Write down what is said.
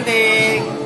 cantik